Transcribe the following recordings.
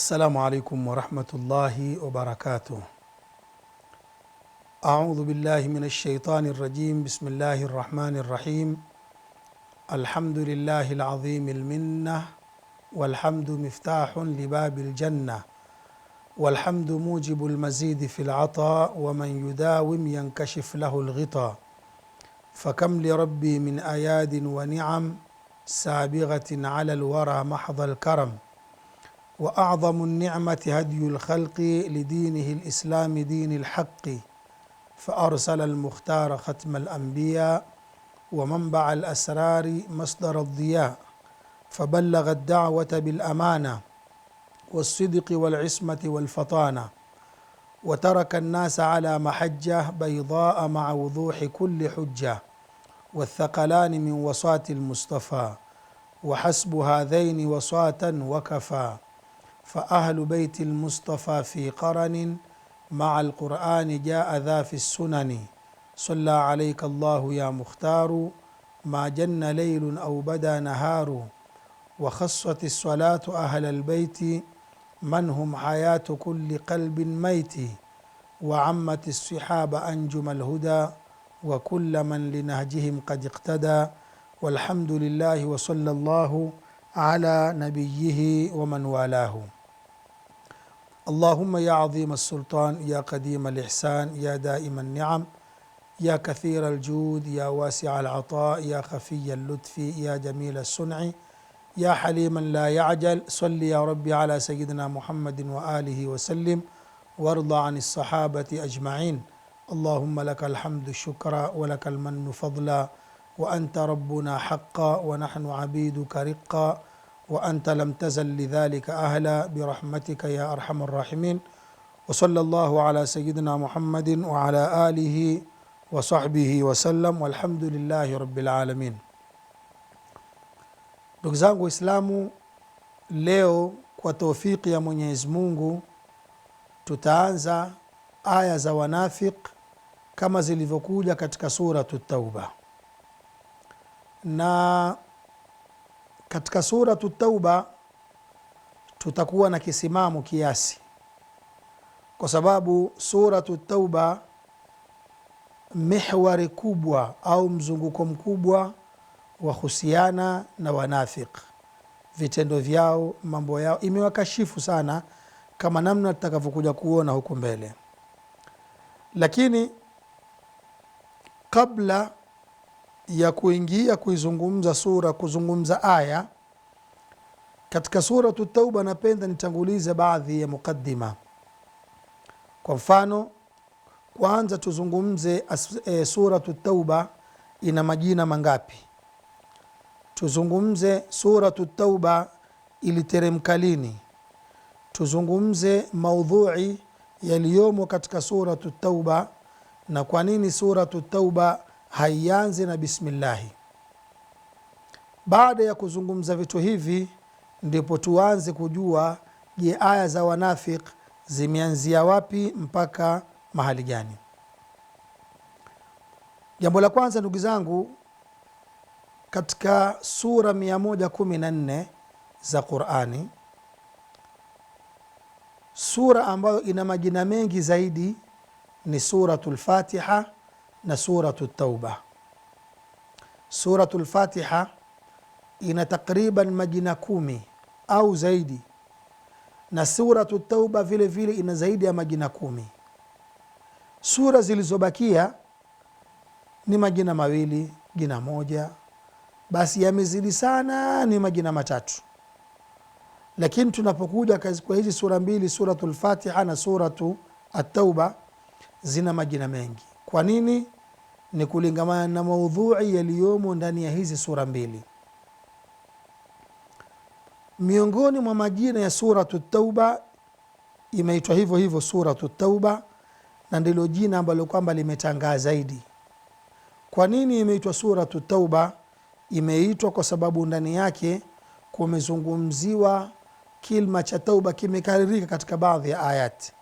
السلام عليكم ورحمة الله وبركاته. أعوذ بالله من الشيطان الرجيم، بسم الله الرحمن الرحيم. الحمد لله العظيم المنة، والحمد مفتاح لباب الجنة، والحمد موجب المزيد في العطاء، ومن يداوم ينكشف له الغطاء. فكم لربي من أياد ونعم سابغة على الورى محض الكرم. واعظم النعمه هدي الخلق لدينه الاسلام دين الحق فارسل المختار ختم الانبياء ومنبع الاسرار مصدر الضياء فبلغ الدعوه بالامانه والصدق والعصمه والفطانه وترك الناس على محجه بيضاء مع وضوح كل حجه والثقلان من وصاه المصطفى وحسب هذين وصاة وكفى فأهل بيت المصطفى في قرن مع القرآن جاء ذا في السنن صلى عليك الله يا مختار ما جن ليل أو بدا نهار وخصت الصلاة أهل البيت من هم حياة كل قلب ميت وعمت الصحاب أنجم الهدى وكل من لنهجهم قد اقتدى والحمد لله وصلى الله على نبيه ومن والاه اللهم يا عظيم السلطان يا قديم الإحسان يا دائم النعم يا كثير الجود يا واسع العطاء يا خفي اللطف يا جميل الصنع يا حليما لا يعجل صل يا ربي على سيدنا محمد وآله وسلم وارض عن الصحابة أجمعين اللهم لك الحمد شكرا ولك المن فضلا وأنت ربنا حقا ونحن عبيدك رقا wa anta lam tazal lidhalika ahla birahmatika ya arhamu rrahimin wasala llahu ala sayidina muhammadin waala alihi wasahbihi wasallam walhamdulillahi rabilalamin. Ndugu zangu Waislamu, leo kwa taufiki ya Mwenyezi Mungu tutaanza aya za wanafiq kama zilivyokuja katika Suratu Tauba na katika suratu Tauba tutakuwa na kisimamo kiasi, kwa sababu suratu Tauba mihwari kubwa au mzunguko mkubwa wa husiana na wanafiq, vitendo vyao, mambo yao, imewakashifu sana, kama namna tutakavyokuja kuona huko mbele, lakini kabla ya kuingia kuizungumza sura kuzungumza aya katika Suratu Tauba, napenda nitangulize baadhi ya mukaddima. Kwa mfano, kwanza tuzungumze e, Suratu Tauba ina majina mangapi? Tuzungumze Suratu Tauba iliteremka lini? Tuzungumze maudhui yaliyomo katika Suratu Tauba na kwa nini Suratu Tauba haianzi na bismillahi. Baada ya kuzungumza vitu hivi, ndipo tuanze kujua, je, aya za wanafik zimeanzia wapi mpaka mahali gani? Jambo la kwanza, ndugu zangu, katika sura 114 za Qurani, sura ambayo ina majina mengi zaidi ni Suratu lfatiha na suratu Tauba. Suratu lfatiha ina takriban majina kumi au zaidi, na suratu Tauba vile vile ina zaidi ya majina kumi. Sura zilizobakia ni majina mawili, jina moja basi, yamezidi sana ni majina matatu. Lakini tunapokuja kwa hizi sura mbili, suratu lfatiha na suratu Atauba, zina majina mengi kwa nini? Ni kulingamana na maudhui yaliyomo ndani ya hizi sura mbili. Miongoni mwa majina ya Suratu Tauba imeitwa hivyo hivyo Suratu Tauba, na ndilo jina ambalo kwamba limetangaa zaidi. Kwa nini imeitwa Suratu Tauba? Imeitwa kwa sababu ndani yake kumezungumziwa kilma cha tauba kimekaririka katika baadhi ya ayati,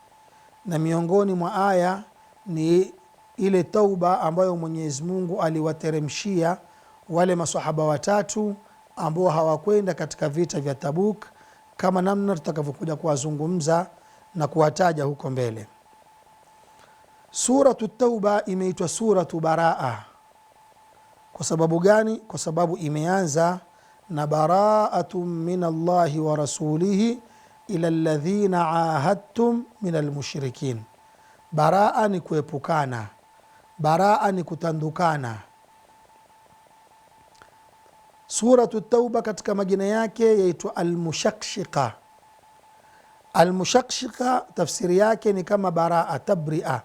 na miongoni mwa aya ni ile tauba ambayo Mwenyezi Mungu aliwateremshia wale masahaba watatu ambao hawakwenda katika vita vya Tabuk kama namna tutakavyokuja kuwazungumza na kuwataja huko mbele. Suratu Tauba imeitwa suratu baraa kwa sababu gani? Kwa sababu imeanza na baraatu min Allahi wa rasulihi ila ladhina ahadtum min almushrikin. Baraa ni kuepukana baraa ni kutandukana. Suratu Tauba katika majina yake yaitwa Almushakshika. Almushakshika tafsiri yake ni kama baraa, tabria,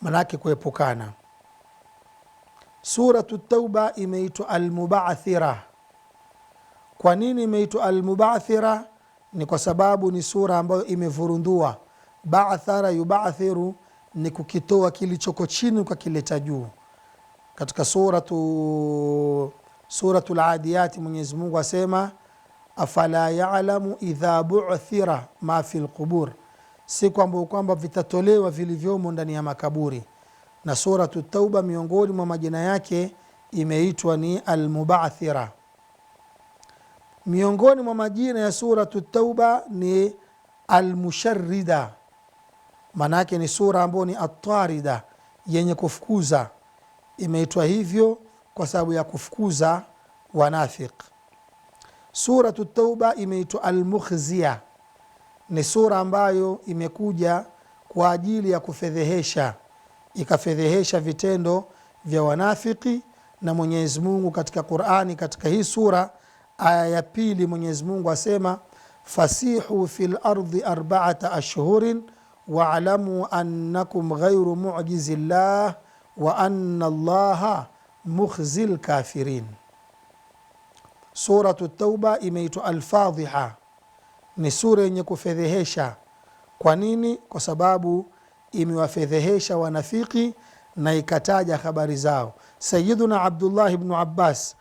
manake kuepukana. Suratu Tauba imeitwa Almubathira. Kwa nini imeitwa Almubathira? Ni kwa sababu ni sura ambayo imevurundua, bathara yubathiru ni kukitoa kilichoko chini ukakileta juu. Katika suratu suratu Adiyati Mwenyezi Mungu asema afala ya'lamu idha bu'thira ma fi lqubur, si kwamba kwamba vitatolewa vilivyomo ndani ya makaburi. Na suratu Tauba miongoni mwa majina yake imeitwa ni Almubathira. Miongoni mwa majina ya suratu Tauba ni almusharida maanake ni sura ambayo ni atarida, yenye kufukuza. Imeitwa hivyo kwa sababu ya kufukuza wanafiq. Suratu Tauba imeitwa Almukhzia, ni sura ambayo imekuja kwa ajili ya kufedhehesha, ikafedhehesha vitendo vya wanafiki. Na Mwenyezi Mungu katika Qurani, katika hii sura aya ya pili, Mwenyezi Mungu asema fasihu fi lardhi arbaata ashhurin waalamu annakum ghairu mujizi llah wa anna llaha mukhzi lkafirin. Suratu Tauba imeitwa Alfadhiha, ni sura yenye kufedhehesha. Kwa nini? Kwa sababu imewafedhehesha wanafiki na ikataja habari zao. Sayiduna Abdullahi bnu Abbas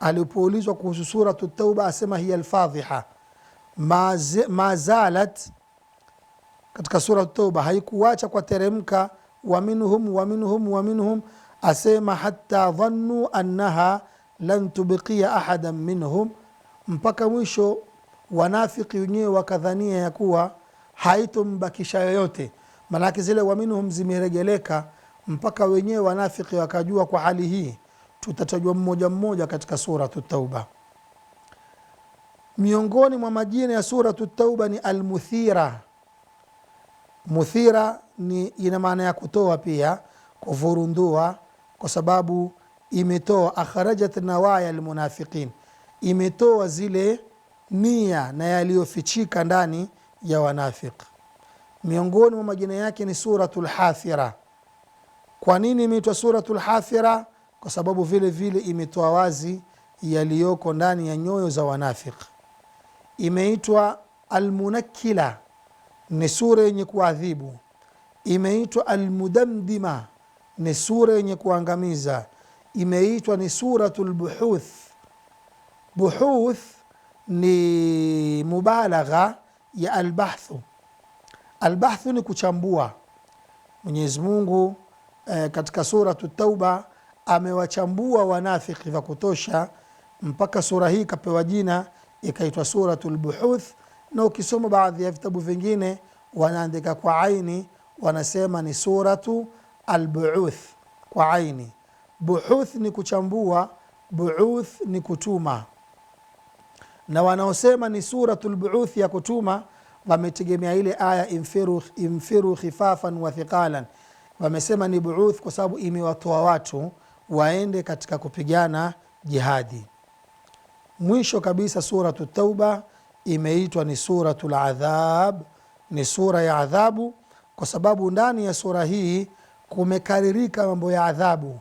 alipoulizwa kuhusu Suratu Tauba asema hiya lfadhiha ma katika sura Tauba haikuwacha kwa teremka waminhum waminhum waminhum, asema hata dhannu annaha lan tubikia ahadan minhum, mpaka mwisho wanafiki wenyewe wakadhania ya kuwa haitombakisha yoyote. Maanake zile waminhum zimeregeleka mpaka wenyewe wanafiki wakajua. Kwa hali hii tutatajwa mmoja mmoja katika suratu Tauba. Miongoni mwa majina ya suratu Tauba ni Almuthira. Muthira ni ina maana ya kutoa pia kuvurundua, kwa sababu imetoa akhrajat nawaya almunafiqin, imetoa zile nia na yaliyofichika ndani ya wanafiq Miongoni mwa majina yake ni suratu lhathira. Kwa nini imeitwa suratu lhathira? Kwa sababu vile vile imetoa wazi yaliyoko ndani ya nyoyo za wanafiq Imeitwa almunakila ni sura yenye kuadhibu. Imeitwa Almudamdima, ni sura yenye kuangamiza. Imeitwa ni suratu lbuhuth. Buhuth ni mubalagha ya albahthu. Albahthu ni kuchambua. Mwenyezi Mungu eh, katika suratu Tauba amewachambua wanafiki vya kutosha, mpaka sura hii ikapewa jina ikaitwa suratu lbuhuth na ukisoma baadhi ya vitabu vingine wanaandika kwa aini, wanasema ni suratu albuuth kwa aini. Buuth ni kuchambua, buuth ni kutuma, na wanaosema ni suratu lbuuth ya kutuma wametegemea ile aya infiru, infiru khifafan wa thiqalan. Wamesema ni buuth kwa sababu imewatoa watu waende katika kupigana jihadi. Mwisho kabisa suratu Tauba imeitwa ni suratul adhab, ni sura ya adhabu, kwa sababu ndani ya sura hii kumekaririka mambo ya adhabu.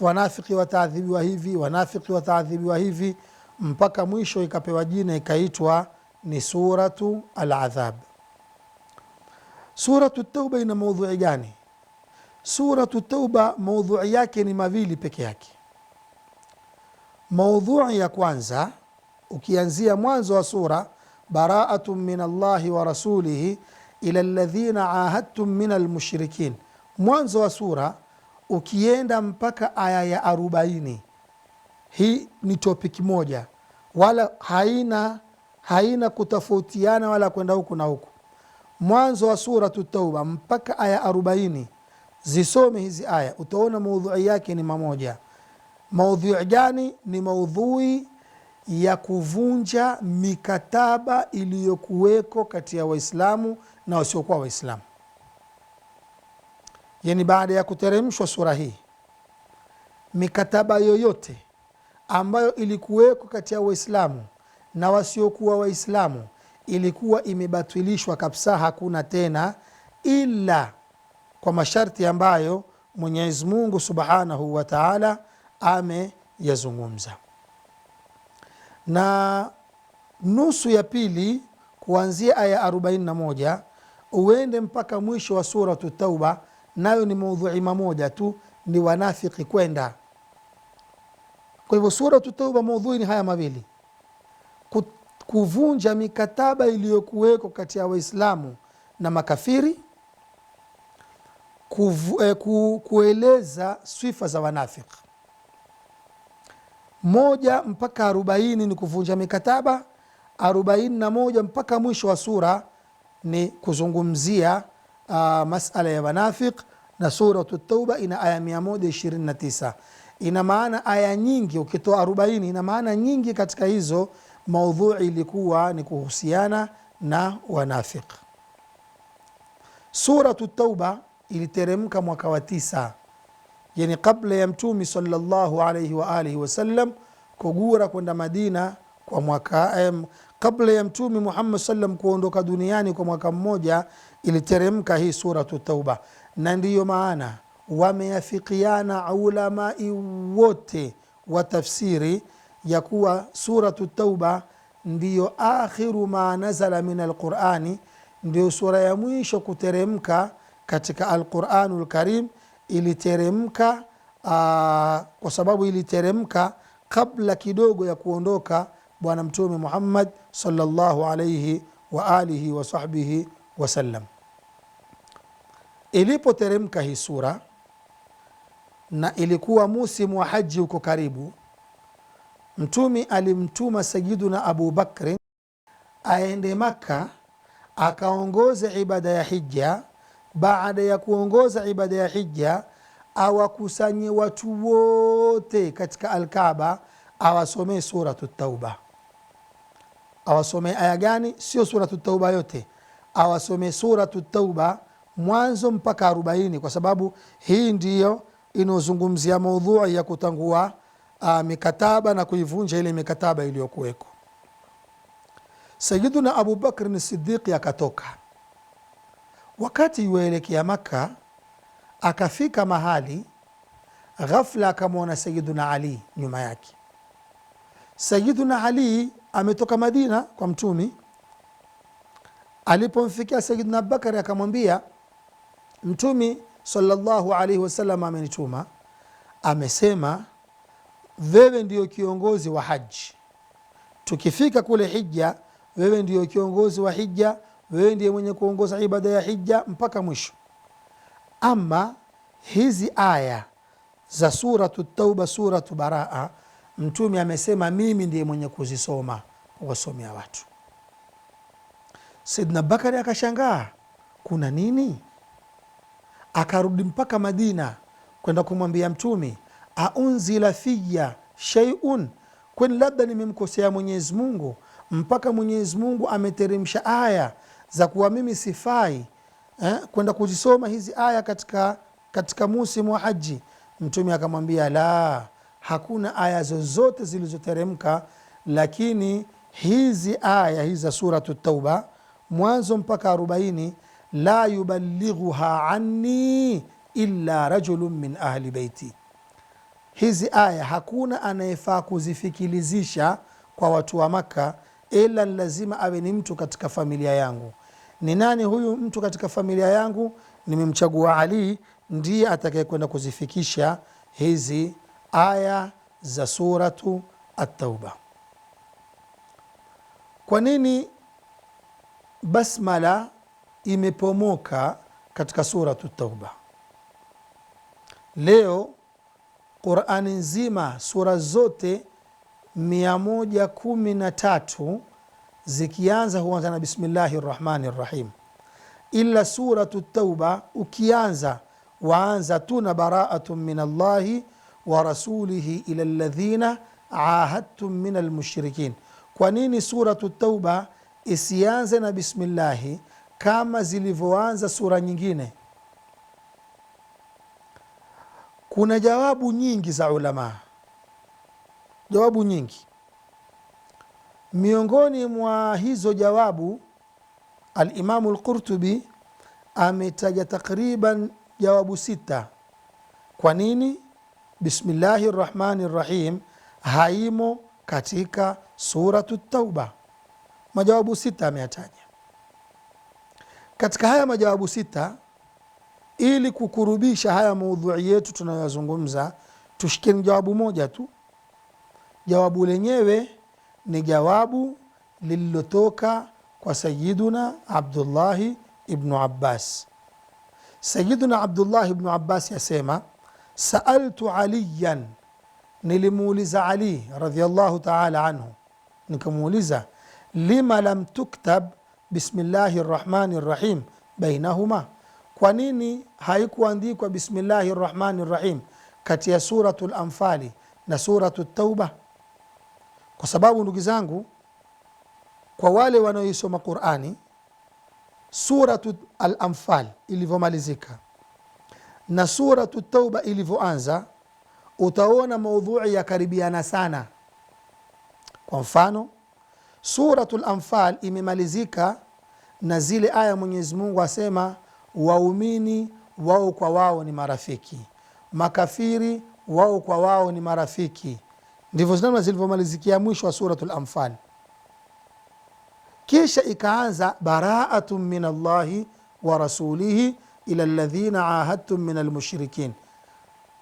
Wanafiki wataadhibiwa hivi, wanafiki wataadhibiwa hivi, mpaka mwisho ikapewa jina ikaitwa ni suratu aladhab. Suratu Tauba ina maudhui gani? Suratu Tauba maudhui yake ni mawili peke yake. Maudhui ya kwanza ukianzia mwanzo wa sura baraatun min allahi wa rasulihi ila ladhina ahadtum min almushrikin, mwanzo wa sura ukienda mpaka aya ya arobaini. Hii ni topiki moja, wala haina haina kutofautiana wala kwenda huku na huku. Mwanzo wa suratu Tauba mpaka aya arobaini, zisome hizi aya, utaona maudhui yake ni mamoja. Maudhui gani? Ni maudhui ya kuvunja mikataba iliyokuweko kati ya Waislamu na wasiokuwa Waislamu. Yani, baada ya kuteremshwa sura hii, mikataba yoyote ambayo ilikuweko kati ya Waislamu na wasiokuwa Waislamu ilikuwa imebatilishwa kabisa, hakuna tena, ila kwa masharti ambayo Mwenyezi Mungu Subhanahu wa Ta'ala ameyazungumza na nusu ya pili kuanzia aya 41 uende mpaka mwisho wa suratu Tauba, nayo ni maudhui mamoja tu, ni wanafiki kwenda. Kwa hivyo suratu Tauba maudhui ni haya mawili, kuvunja mikataba iliyokuweko kati ya Waislamu na makafiri, eh, kueleza sifa za wanafiki moja mpaka arobaini ni kuvunja mikataba, arobaini na moja mpaka mwisho wa sura ni kuzungumzia uh, masala ya wanafiq, na Suratu Tauba ina aya tisa. Ina maana aya nyingi, ukitoa arobaini ina maana nyingi. Katika hizo maudhui ilikuwa ni kuhusiana na wanafiq. Suratu Tauba iliteremka mwaka wa tisa yani kabla ya mtumi sallallahu alaihi wa alihi wasallam kugura kwenda Madina kwa mwaka em, kabla ya mtumi Muhammad sallam kuondoka duniani kwa mwaka mmoja iliteremka hii suratu Tauba, na ndiyo maana wameafikiana ulamai wote wa tafsiri ya kuwa suratu Tauba ndiyo akhiru ma nazala min alqurani, ndiyo sura ya mwisho kuteremka katika Alquranu lkarim iliteremka aa, ah, kwa sababu iliteremka kabla kidogo ya kuondoka Bwana Mtume Muhammad sallallahu alaihi wa alihi wa sahbihi wasallam. Ilipoteremka hii sura na ilikuwa musimu wa haji huko karibu, Mtume alimtuma Sayiduna Abu Bakrin aende Makka akaongoze ibada ya hija baada ya kuongoza ibada ya hija awakusanye watu wote katika alkaba awasomee suratu Tauba. Awasomee aya gani? Sio suratu Tauba yote, awasomee suratu Tauba mwanzo mpaka arobaini, kwa sababu hii ndiyo inaozungumzia maudhui ya kutangua uh, mikataba na kuivunja ile mikataba iliyokuweko. Sayiduna Abubakrin Sidiqi akatoka Wakati waelekea Makka akafika mahali ghafla, akamwona Sayiduna Ali nyuma yake. Sayiduna Ali ametoka Madina kwa Mtumi. Alipomfikia Sayiduna Abubakari akamwambia Mtumi sallallahu alaihi wasallam amenituma, amesema wewe ndio kiongozi wa haji, tukifika kule hija, wewe ndiyo kiongozi wa hija wewe ndiye mwenye kuongoza ibada ya hija mpaka mwisho. Ama hizi aya za suratu Tauba, suratu Baraa, Mtume amesema mimi ndiye mwenye kuzisoma kuwasomea watu. Saidna Bakari akashangaa kuna nini? Akarudi mpaka Madina kwenda kumwambia Mtume, aunzila fiya sheiun kwani labda nimemkosea Mwenyezi Mungu mpaka Mwenyezi Mungu ameteremsha aya za kuwa mimi sifai eh, kwenda kuzisoma hizi aya katika, katika musimu wa haji. Mtume akamwambia la, hakuna aya zozote zilizoteremka, lakini hizi aya hizi za Suratu Tauba mwanzo mpaka arobaini la yuballighuha anni illa rajulun min ahli beiti. Hizi aya hakuna anayefaa kuzifikilizisha kwa watu wa Makka, ila lazima awe ni mtu katika familia yangu ni nani huyu mtu katika familia yangu? Nimemchagua Ali ndiye atakayekwenda kuzifikisha hizi aya za suratu At-Tauba. Kwa nini basmala imepomoka katika suratu Tauba? Leo Qurani nzima sura zote mia moja kumi na tatu zikianza huanza na bismillahi rahmani rahim, ila suratu Tauba ukianza waanza tu na baraatun min Allahi wa rasulihi ila ladhina ahadtum min almushrikin. Kwa nini suratu Tauba isianze na bismillahi kama zilivyoanza sura nyingine? Kuna jawabu nyingi za ulamaa, jawabu nyingi Miongoni mwa hizo jawabu, Alimamu Lqurtubi ametaja takriban jawabu sita. Kwa nini bismillahi rrahmani rrahim haimo katika suratu Tauba? Majawabu sita ameyataja. Katika haya majawabu sita, ili kukurubisha haya maudhui yetu tunayoyazungumza, tushikeni jawabu moja tu. Jawabu lenyewe ni jawabu lililotoka kwa Sayiduna Abdullahi ibnu Abbas. Sayiduna Abdullahi ibnu Abbas yasema saaltu Aliyan, nilimuuliza Ali radhiallahu taala anhu, nikamuuliza lima lam tuktab bismillahi rrahmani rrahim bainahuma, kwa nini haikuandikwa bismillahi rrahmani rrahim kati ya Suratu Lanfali na Suratu Tauba? Kwa sababu ndugu zangu, kwa wale wanaoisoma Qurani, suratu Al-Anfal ilivyomalizika na suratu Tauba ilivyoanza, utaona maudhui yakaribiana sana. Kwa mfano, suratu Al-Anfal imemalizika na zile aya Mwenyezi Mungu asema waumini wao kwa wao ni marafiki, makafiri wao kwa wao ni marafiki Ndivyo namna zilivyomalizikia mwisho wa Suratul Anfal. Kisha ikaanza baraatun min Allahi wa rasulihi ila ladhina ahadtum min almushrikin,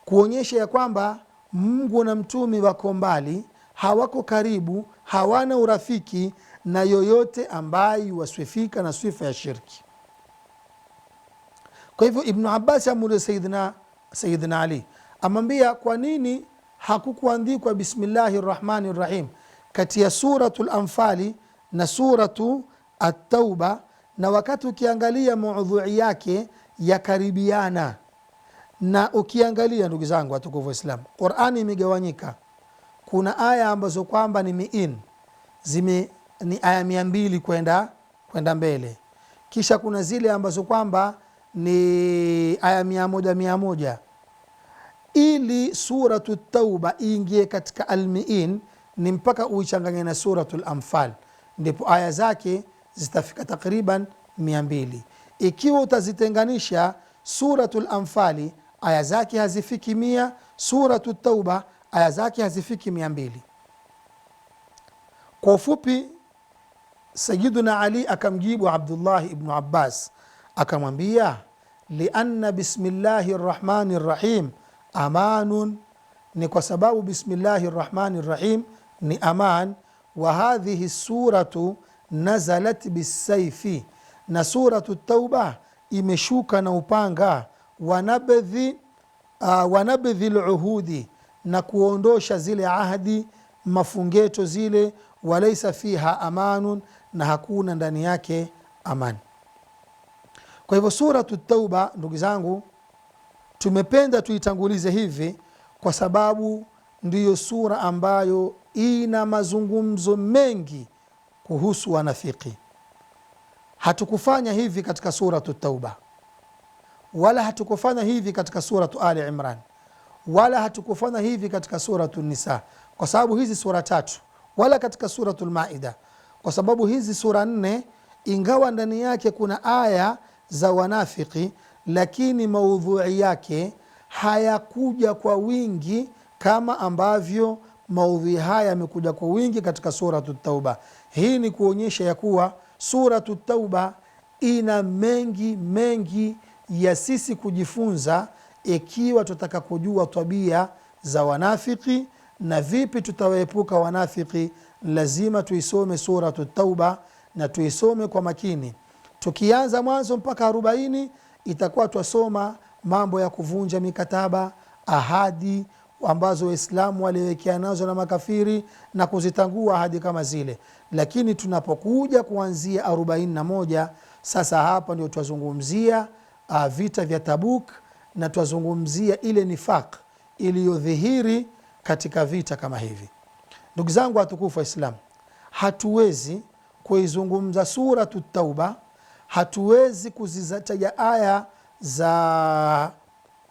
kuonyesha ya kwamba Mungu na mtumi wako mbali, hawako karibu, hawana urafiki na yoyote ambaye iwaswifika na swifa ya shirki. Kwa hivyo Ibnu Abbas amuuliza Sayidina Ali amwambia, kwa nini hakukuandikwa bismillahi rahmani rahim kati ya suratu lanfali na suratu atauba na wakati ukiangalia maudhui yake yakaribiana na ukiangalia ndugu zangu watukufu waislam qurani imegawanyika kuna aya ambazo kwamba ni miin zime ni aya mia mbili kwenda kwenda mbele kisha kuna zile ambazo kwamba ni aya mia moja mia moja ili suratu Tauba iingie katika Almiin ni mpaka uichanganye na suratu lamfal ndipo aya zake zitafika takriban mia mbili. Ikiwa utazitenganisha suratu lamfali aya zake hazifiki mia, suratu Tauba aya zake hazifiki mia mbili. Kwa ufupi, Sayiduna Ali akamjibu Abdullahi Ibnu Abbas akamwambia, lianna bismillahi rrahmani rrahim amanun ni kwa sababu bismillahi rahmani rahim ni aman. Wa hadhihi suratu nazalat bisaifi, na suratu Tauba imeshuka na upanga. Wanabdhi uh, ah, wanabdhi luhudi, na kuondosha zile ahdi mafungeto zile. Walaisa fiha amanun, na hakuna ndani yake amani. Kwa hivyo suratu Tauba, ndugu zangu Tumependa tuitangulize hivi kwa sababu ndiyo sura ambayo ina mazungumzo mengi kuhusu wanafiki. Hatukufanya hivi katika Suratu Tauba, wala hatukufanya hivi katika Suratu Ali Imran, wala hatukufanya hivi katika Suratu Nisa, kwa sababu hizi sura tatu, wala katika Suratu Lmaida, kwa sababu hizi sura nne, ingawa ndani yake kuna aya za wanafiki lakini maudhui yake hayakuja kwa wingi kama ambavyo maudhui haya yamekuja kwa wingi katika Suratu Tauba. Hii ni kuonyesha ya kuwa Suratu Tauba ina mengi mengi ya sisi kujifunza, ikiwa tutaka kujua tabia za wanafiki na vipi tutawaepuka wanafiki, lazima tuisome Suratu Tauba na tuisome kwa makini, tukianza mwanzo mpaka arobaini itakuwa twasoma mambo ya kuvunja mikataba, ahadi ambazo Waislamu waliwekea nazo na makafiri na kuzitangua ahadi kama zile. Lakini tunapokuja kuanzia 41 sasa, hapa ndio twazungumzia ah, vita vya Tabuk na twazungumzia ile nifaq iliyodhihiri katika vita kama hivi. Ndugu zangu watukufu waislamu hatuwezi kuizungumza Suratu Tauba hatuwezi kuzizataja aya za,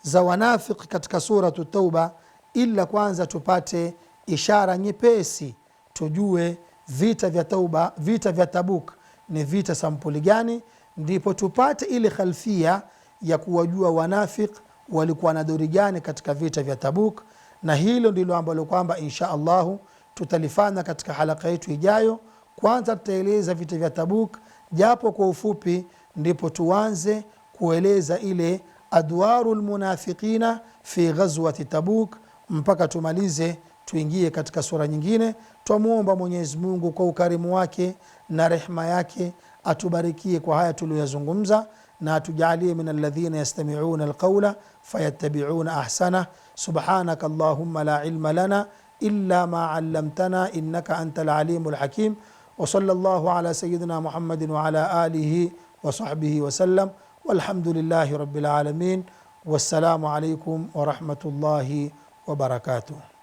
za wanafiki katika Suratu Tauba ila kwanza tupate ishara nyepesi, tujue vita vya Tauba, vita vya Tabuk ni vita sampuli gani, ndipo tupate ile khalfia ya kuwajua wanafik walikuwa na dori gani katika vita vya Tabuk. Na hilo ndilo ambalo kwamba insha Allahu tutalifanya katika halaka yetu ijayo. Kwanza tutaeleza vita vya Tabuk japo kwa ufupi, ndipo tuanze kueleza ile adwaru lmunafiqina fi ghazwati Tabuk mpaka tumalize tuingie katika sura nyingine. Twamwomba Mwenyezi Mungu kwa ukarimu wake na rehma yake atubarikie kwa haya tuliyoyazungumza, na atujalie min alladhina yastamiuna alqaula fayattabiuna ahsana. Subhanaka allahumma la ilma lana illa ma allamtana innaka anta alalimu lhakim وصلى الله على سيدنا محمد وعلى آله وصحبه وسلم والحمد لله رب العالمين والسلام عليكم ورحمة الله وبركاته